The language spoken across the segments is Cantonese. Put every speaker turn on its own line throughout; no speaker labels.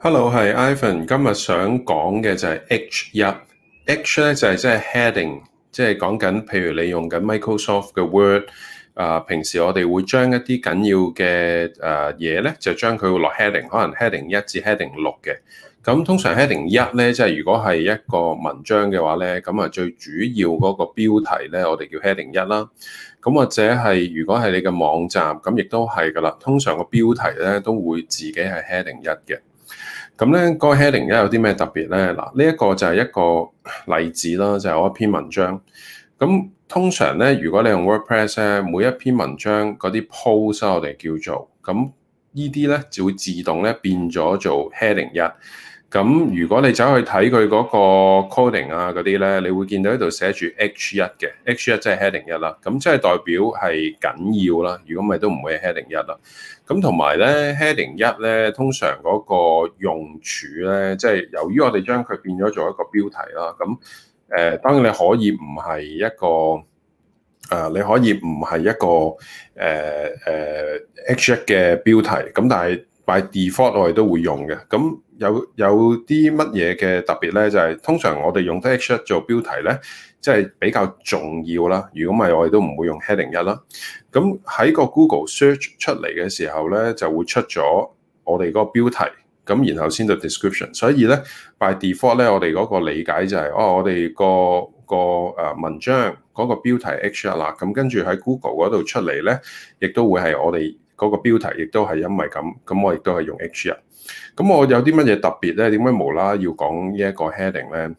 Hello，係 Ivan。今日想講嘅就係 H 一 H 咧，就係即係 heading，即係講緊。譬如你用緊 Microsoft 嘅 Word 啊，平時我哋會將一啲緊要嘅誒嘢咧，就將佢落 heading，可能 heading 一至 heading 六嘅。咁通常 heading 一咧，即係如果係一個文章嘅話咧，咁啊最主要嗰個標題咧，我哋叫 heading 一啦。咁或者係如果係你嘅網站咁，亦都係噶啦。通常個標題咧都會自己係 heading 一嘅。咁咧個 heading 一有啲咩特別咧？嗱，呢、這、一個就係一個例子啦，就係、是、我一篇文章。咁通常咧，如果你用 WordPress 咧，每一篇文章嗰啲 post 咧、啊，我哋叫做咁，呢啲咧就會自動咧變咗做 heading 一。咁如果你走去睇佢嗰個 coding 啊嗰啲咧，你會見到呢度寫住 H 一嘅，H 一即係 heading 一啦。咁即係代表係緊要啦。如果唔係都唔會 heading 一啦。咁同埋咧 heading 一咧，通常嗰個用處咧，即係由於我哋將佢變咗做一個標題啦。咁誒當然你可以唔係一個誒，你可以唔係一個誒誒 H 一嘅標題。咁但係 by default 我哋都會用嘅，咁有有啲乜嘢嘅特別咧，就係、是、通常我哋用 H1 做標題咧，即、就、係、是、比較重要啦。如果唔係，我哋都唔會用 heading 1啦。咁喺個 Google search 出嚟嘅時候咧，就會出咗我哋嗰個標題，咁然後先到 description。所以咧，by default 咧，我哋嗰個理解就係、是，哦，我哋、那個、那個誒文章嗰、那個標題 H1 啦，咁跟住喺 Google 嗰度出嚟咧，亦都會係我哋。嗰個標題亦都係因為咁，咁我亦都係用 H1。咁我有啲乜嘢特別咧？點解無啦要講呢一個 heading 咧？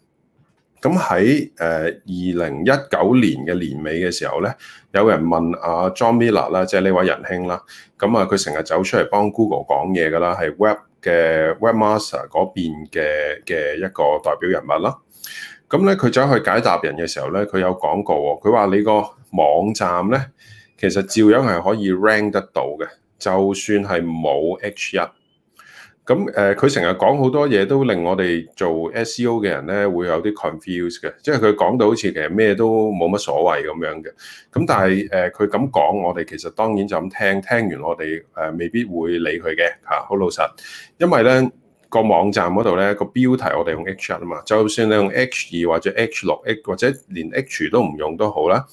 咁喺誒二零一九年嘅年尾嘅時候咧，有人問阿 John Mueller 啦，即係呢位仁兄啦。咁啊，佢成日走出嚟幫 Google 講嘢噶啦，係 we Web 嘅 Webmaster 嗰邊嘅嘅一個代表人物啦。咁咧，佢走去解答人嘅時候咧，佢有講過喎。佢話你個網站咧。其實照樣係可以 rank 得到嘅，就算係冇 H1。咁、呃、誒，佢成日講好多嘢，都令我哋做 SEO 嘅人咧，會有啲 confused 嘅。即係佢講到好似其實咩都冇乜所謂咁樣嘅。咁但係誒，佢咁講，我哋其實當然就咁聽。聽完我哋誒、呃，未必會理佢嘅嚇。好、啊、老實，因為咧。個網站嗰度咧，個標題我哋用 H 一，啊嘛，就算你用 H 二或者 H 六 H 或者連 H 都唔用都好啦。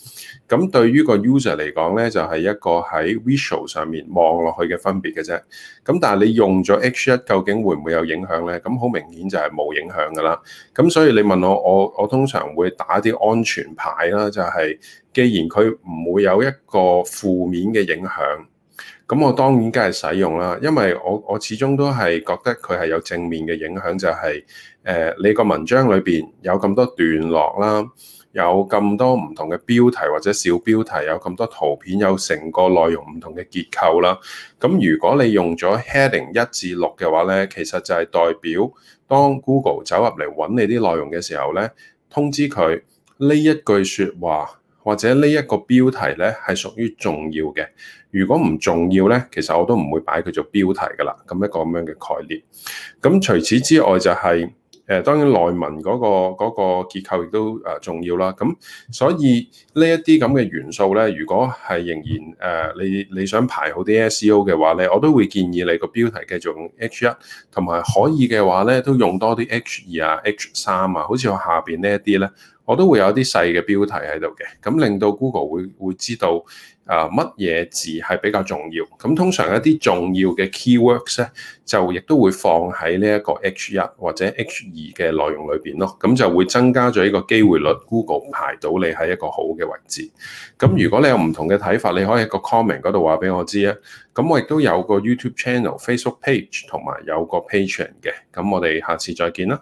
咁對於個 user 嚟講咧，就係一個喺 visual 上面望落去嘅分別嘅啫。咁但係你用咗 H 一，究竟會唔會有影響咧？咁好明顯就係冇影響噶啦。咁所以你問我，我我通常會打啲安全牌啦，就係既然佢唔會有一個負面嘅影響。咁我當然梗係使用啦，因為我我始終都係覺得佢係有正面嘅影響，就係、是、誒、呃、你個文章裏邊有咁多段落啦，有咁多唔同嘅標題或者小標題，有咁多圖片，有成個內容唔同嘅結構啦。咁如果你用咗 heading 一至六嘅話咧，其實就係代表當 Google 走入嚟揾你啲內容嘅時候咧，通知佢呢一句説話。或者呢一個標題咧係屬於重要嘅，如果唔重要咧，其實我都唔會擺佢做標題㗎啦。咁一個咁樣嘅概念。咁除此之外就係。誒當然內文嗰、那個嗰、那個結構亦都誒重要啦，咁所以呢一啲咁嘅元素咧，如果係仍然誒、呃、你你想排好啲 SEO 嘅話咧，我都會建議你個標題繼續用 H 一，同埋可以嘅話咧都用多啲 H 二啊、H 三啊，好似我下邊呢一啲咧，我都會有啲細嘅標題喺度嘅，咁令到 Google 會會知道。啊，乜嘢字係比較重要？咁通常一啲重要嘅 keywords 咧，就亦都會放喺呢一個 H 一或者 H 二嘅內容裏邊咯。咁就會增加咗呢個機會率，Google 排到你喺一個好嘅位置。咁如果你有唔同嘅睇法，你可以喺個 comment 嗰度話俾我知啊。咁我亦都有個 YouTube channel、Facebook page 同埋有個 Patreon 嘅。咁我哋下次再見啦。